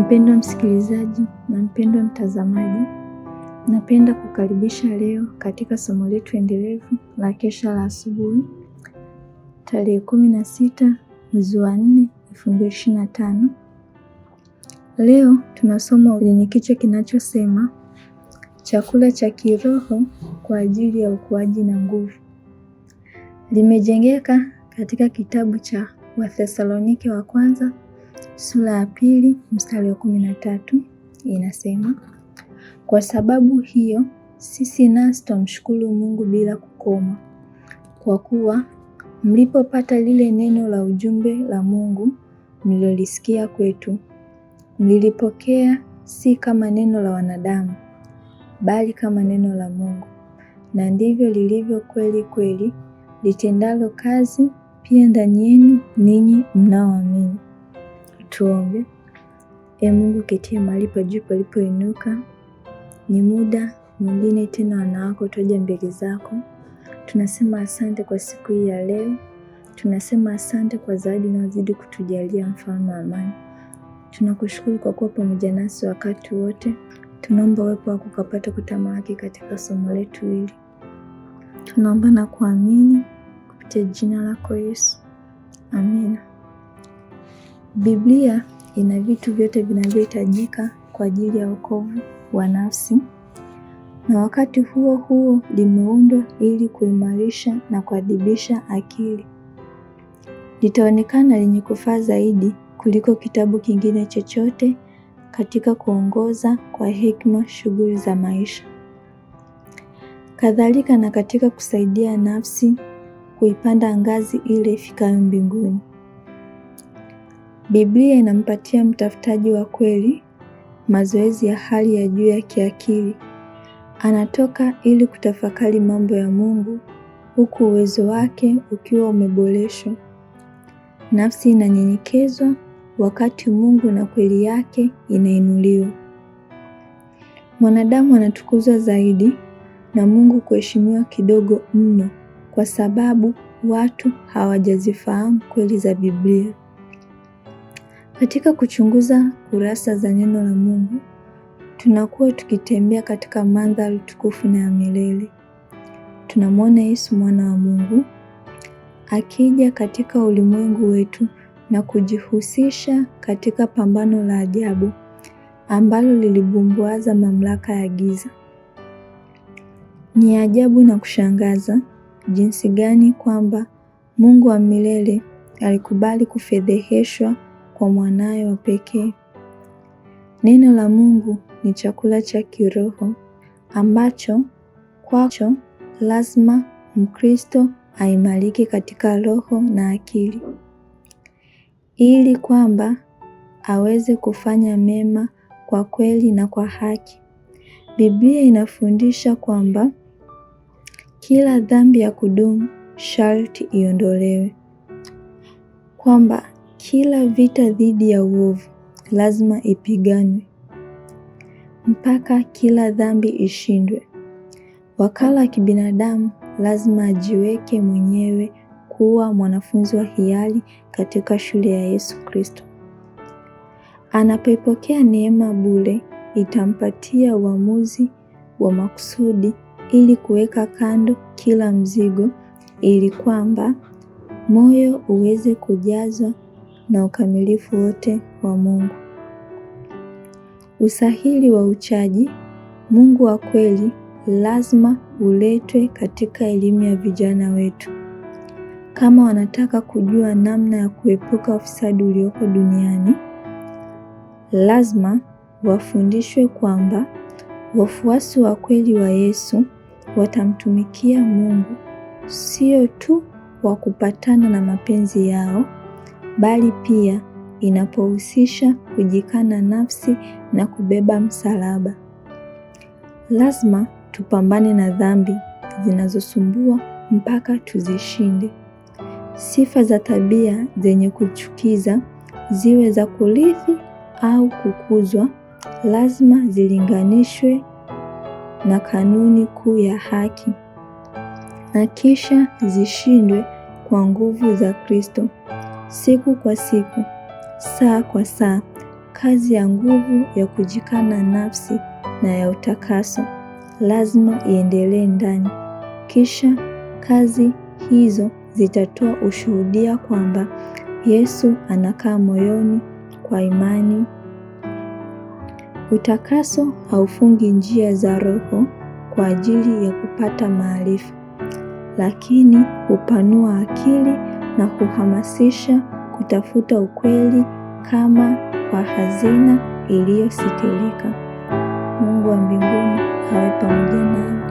Mpendwa msikilizaji na mpendwa mtazamaji, napenda kukaribisha leo katika somo letu endelevu la kesha la asubuhi tarehe kumi na sita mwezi wa nne elfu mbili ishirini na tano. Leo lenye kichwa kinachosema chakula cha kiroho kwa ajili ya ukuaji na nguvu. Limejengeka katika kitabu cha Wathesalonike wa kwanza Sura ya pili mstari wa kumi na tatu inasema, kwa sababu hiyo sisi nasi twamshukuru Mungu bila kukoma, kwa kuwa mlipopata lile neno la ujumbe la Mungu mlilolisikia kwetu, mlilipokea si kama neno la wanadamu, bali kama neno la Mungu, na ndivyo lilivyo kweli kweli, litendalo kazi pia ndani yenu ninyi mnaoamini. Tuombe. E Mungu ketie mahali pa juu palipoinuka, ni muda mwingine tena wanawako wako twaja mbele zako. Tunasema asante kwa siku hii ya leo, tunasema asante kwa zawadi unazidi kutujalia, mfalme wa amani. Tunakushukuru kwa kuwa pamoja nasi wakati wote. Tunaomba uwepo wako ukapata kutamalaki katika somo letu hili, tunaomba na kuamini kupitia jina lako Yesu, amina. Biblia ina vitu vyote vinavyohitajika kwa ajili ya wokovu wa nafsi na wakati huo huo limeundwa ili kuimarisha na kuadibisha akili. Litaonekana lenye kufaa zaidi kuliko kitabu kingine chochote katika kuongoza kwa hekima shughuli za maisha. Kadhalika na katika kusaidia nafsi kuipanda ngazi ile ifikayo mbinguni. Biblia inampatia mtafutaji wa kweli mazoezi ya hali ya juu ya kiakili. Anatoka ili kutafakari mambo ya Mungu huku uwezo wake ukiwa umeboreshwa. Nafsi inanyenyekezwa wakati Mungu na kweli yake inainuliwa. Mwanadamu anatukuzwa zaidi na Mungu kuheshimiwa kidogo mno kwa sababu watu hawajazifahamu kweli za Biblia. Katika kuchunguza kurasa za neno la Mungu, tunakuwa tukitembea katika mandhari tukufu na ya milele. Tunamwona Yesu mwana wa Mungu akija katika ulimwengu wetu na kujihusisha katika pambano la ajabu ambalo lilibumbuaza mamlaka ya giza. Ni ajabu na kushangaza jinsi gani kwamba Mungu wa milele alikubali kufedheheshwa kwa mwanaye wa pekee. Neno la Mungu ni chakula cha kiroho ambacho kwacho lazima Mkristo aimarike katika roho na akili, ili kwamba aweze kufanya mema kwa kweli na kwa haki. Biblia inafundisha kwamba kila dhambi ya kudumu sharti iondolewe, kwamba kila vita dhidi ya uovu lazima ipiganwe, mpaka kila dhambi ishindwe. Wakala wa kibinadamu lazima ajiweke mwenyewe kuwa mwanafunzi wa hiari katika shule ya Yesu Kristo. Anapoipokea neema bure, itampatia uamuzi wa makusudi ili kuweka kando kila mzigo, ili kwamba moyo uweze kujazwa na ukamilifu wote wa Mungu. Usahili wa uchaji Mungu wa kweli lazima uletwe katika elimu ya vijana wetu kama wanataka kujua namna ya kuepuka ufisadi ulioko duniani. Lazima wafundishwe kwamba wafuasi wa kweli wa Yesu watamtumikia Mungu sio tu kwa kupatana na mapenzi yao bali pia inapohusisha kujikana nafsi na kubeba msalaba. Lazima tupambane na dhambi zinazosumbua mpaka tuzishinde. Sifa za tabia zenye kuchukiza, ziwe za kurithi au kukuzwa, lazima zilinganishwe na kanuni kuu ya haki na kisha zishindwe kwa nguvu za Kristo siku kwa siku, saa kwa saa, kazi ya nguvu ya kujikana nafsi na ya utakaso lazima iendelee ndani. Kisha kazi hizo zitatoa ushuhudia kwamba Yesu anakaa moyoni kwa imani. Utakaso haufungi njia za Roho kwa ajili ya kupata maarifa, lakini hupanua akili na kuhamasisha kutafuta ukweli kama kwa hazina iliyositirika. Mungu wa mbinguni awe pamoja nanyi.